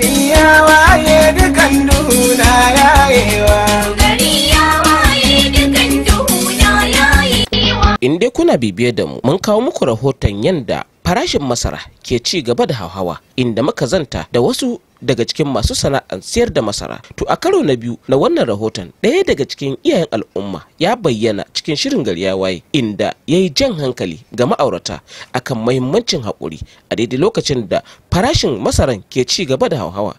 gari waye dukan duna yayewa in dai kuna bibiye da mu mun kawo muku rahoton yanda farashin masara ke ci gaba da hauhawa inda muka zanta da wasu daga cikin masu sana'ar siyar da masara to a karo na biyu na wannan rahoton ɗaya daga cikin iyayen al'umma ya bayyana cikin shirin gari waye inda ya yi jan hankali ga ma'aurata akan mahimmancin haƙuri a daidai lokacin da farashin masaran ke ci gaba da hauhawa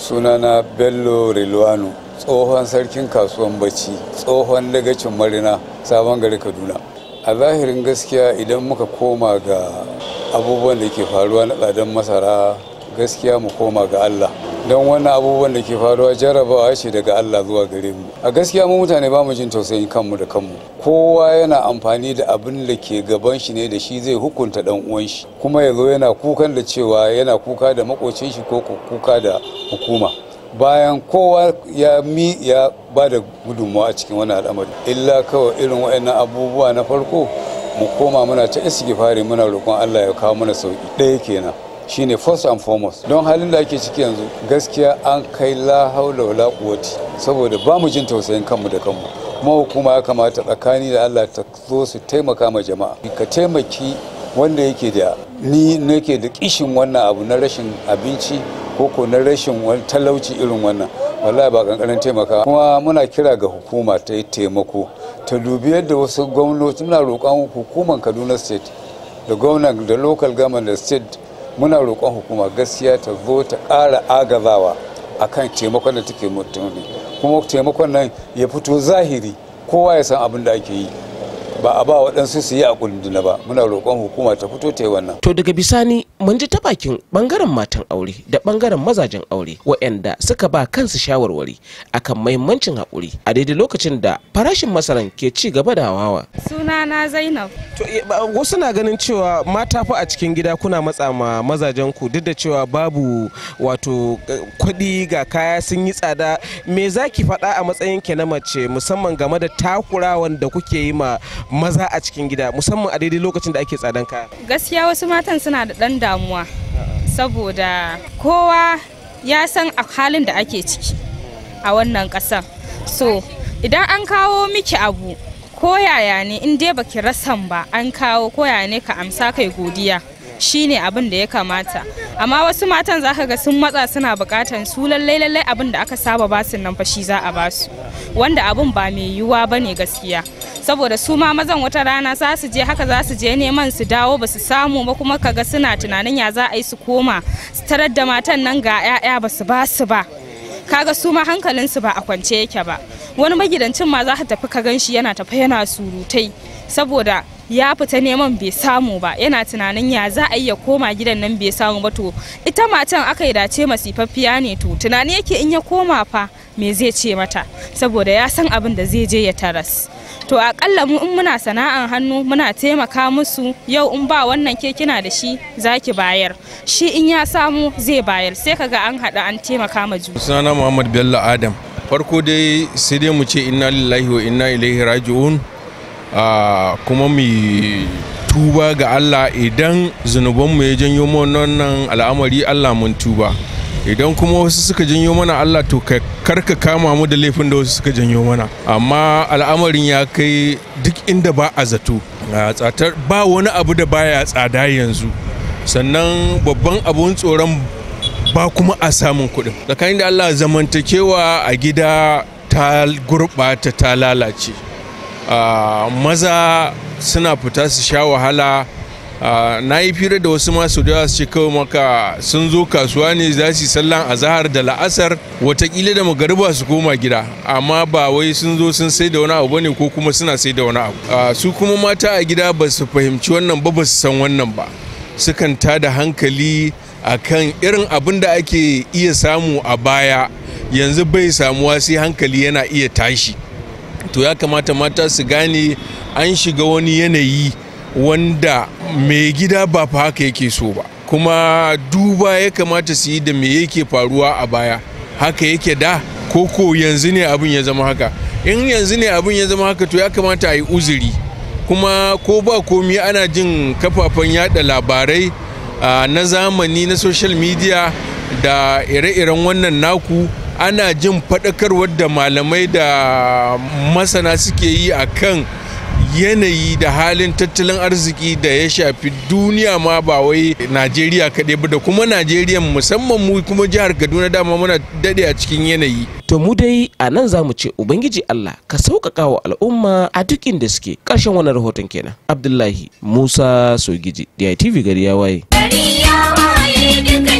sunana bello rilwano tsohon sarkin kasuwan bacci tsohon dagacin marina sabon gari kaduna a zahirin gaskiya idan muka koma ga abubuwan da ke faruwa na tsadan masara gaskiya mu koma ga Allah don wannan abubuwan da ke faruwa jarabawa ce daga Allah zuwa gare mu a gaskiya mu mutane ba mu jin tausayin kanmu da kanmu kowa yana amfani da abin da ke gaban shi ne da shi zai hukunta dan uwan shi kuma ya zo yana kukan da cewa yana kuka da makocin shi ko kuka da hukuma bayan kowa ya mi ya ba da gudunmawa a cikin wani al'amari illa kawai irin waɗannan abubuwa na farko mu koma muna ta fari muna roƙon Allah ya kawo mana sauki ɗaya kenan shine first and foremost don halin da ake ciki yanzu gaskiya an kai la haula wala quwwati saboda ba mu jin tausayin kanmu da kanmu kuma hukuma ya kamata tsakani da Allah ta zo su taimaka ma jama'a ka taimaki wanda yake da ni nake da kishin wannan abu na rashin abinci ko ko na rashin talauci irin wannan wallahi ba kankanin taimaka kuma muna kira ga hukuma ta taimako ta dubi yadda wasu gwamnati muna roƙon hukumar kaduna state da gwamnan da local government da state muna roƙon hukuma gaskiya ta zo ta ƙara agazawa a kan taimakon da take mutumi kuma taimakon nan ya fito zahiri kowa ya san abin da ake yi ba a ba waɗansu su yi a kundina ba muna roƙon hukuma ta fito ta yi wannan. to daga bisani mun ji ta bakin ɓangaren matan aure da ɓangaren mazajen aure waɗanda suka ba kansu shawarwari akan mahimmancin haƙuri a daidai lokacin da farashin masaran ke ci gaba da hawa. na zainab. to eh, wasu na ganin cewa mata fa a cikin gida kuna matsa ma mazajen ku duk da cewa babu wato eh, kuɗi ga kaya sun yi tsada me zaki faɗa a matsayin ke na mace musamman game da takurawan da kuke yi ma maza a cikin gida musamman a daidai lokacin da ake tsadan kaya gaskiya wasu matan suna da ɗan damuwa saboda kowa ya san a halin da ake ciki a wannan ƙasan so idan an kawo miki abu ko yaya ne in dai baki rasan ba an kawo ko yaya ne ka amsa kai godiya Shi ne abin da ya kamata amma wasu matan za ka ga sun matsa suna bukatan su lallai lallai abin da aka saba basu nan fa shi za a basu wanda abin ba mai yiwuwa ba ne gaskiya saboda su ma mazan wata rana za su je haka za su je neman su dawo ba su samu ba kuma kaga suna tunanin ya za a yi su koma su tarar da matan nan ga 'ya'ya ba su ba su ba kaga su ma hankalinsu ba a kwance yake ba wani magidancin ma za ka tafi ka gan shi yana tafi yana surutai saboda ya fita neman bai samu ba yana tunanin ya za a iya koma gidan nan bai samu ba to ita matan aka yi dace masifaffiya ne to tunani yake in ya koma fa me zai ce mata saboda ya san abin da zai je ya taras to akalla mu in muna sana'an hannu muna taimaka musu yau in ba wannan ke kina da shi zaki bayar shi in ya samu zai bayar sai kaga an haɗa an taimaka ma juna sunana muhammad bello adam farko dai sai dai mu ce inna lillahi wa inna ilaihi raji'un ah, kuma mu tuba ga Allah idan zunubanmu ya janyo mana wannan al'amari Allah mun tuba idan kuma wasu suka janyo mana Allah to karka kama mu da laifin da wasu suka janyo mana amma al'amarin ya kai duk inda ba a zato ba wani abu da baya tsada yanzu sannan babban abun tsoron ba kuma a samun kuɗin tsakanin da allah zamantakewa a gida ta gurɓata ta lalace maza suna fita su sha wahala na yi fira da wasu masu da su ce kawai maka sun zo kasuwa ne za su sallan azahar da la'asar watakila da magariba su koma gida amma ba wai sun zo sun sai da wani abu ne ko kuma suna sai da wani abu su kuma mata a gida ba su fahimci wannan ba ba su san wannan ba sukan tada hankali akan irin abin da ake iya samu a baya yanzu bai samuwa sai hankali yana iya tashi to ya kamata mata su gane an shiga wani yanayi wanda mai gida ba fa haka yake so ba kuma duba ya kamata su yi da me yake faruwa a baya haka yake da koko yanzu ne abin ya zama haka in yanzu ne abin ya zama haka to ya kamata a yi uzuri kuma ko ba komi ana jin kafafen yada labarai na zamani na social media da ire-iren wannan naku ana jin faɗakarwar da malamai da masana suke yi a kan yanayi da halin tattalin arziki da ya shafi duniya ma ba wai najeriya kaɗai ba da kuma najeriya musamman mu kuma jihar kaduna dama muna daɗe a cikin yanayi to mu dai a nan za mu ce ubangiji allah ka sauƙaƙa wa al'umma a duk inda suke ƙarshen wannan rahoton kenan abdullahi musa sogiji TV gari ya waye. Gari ya waye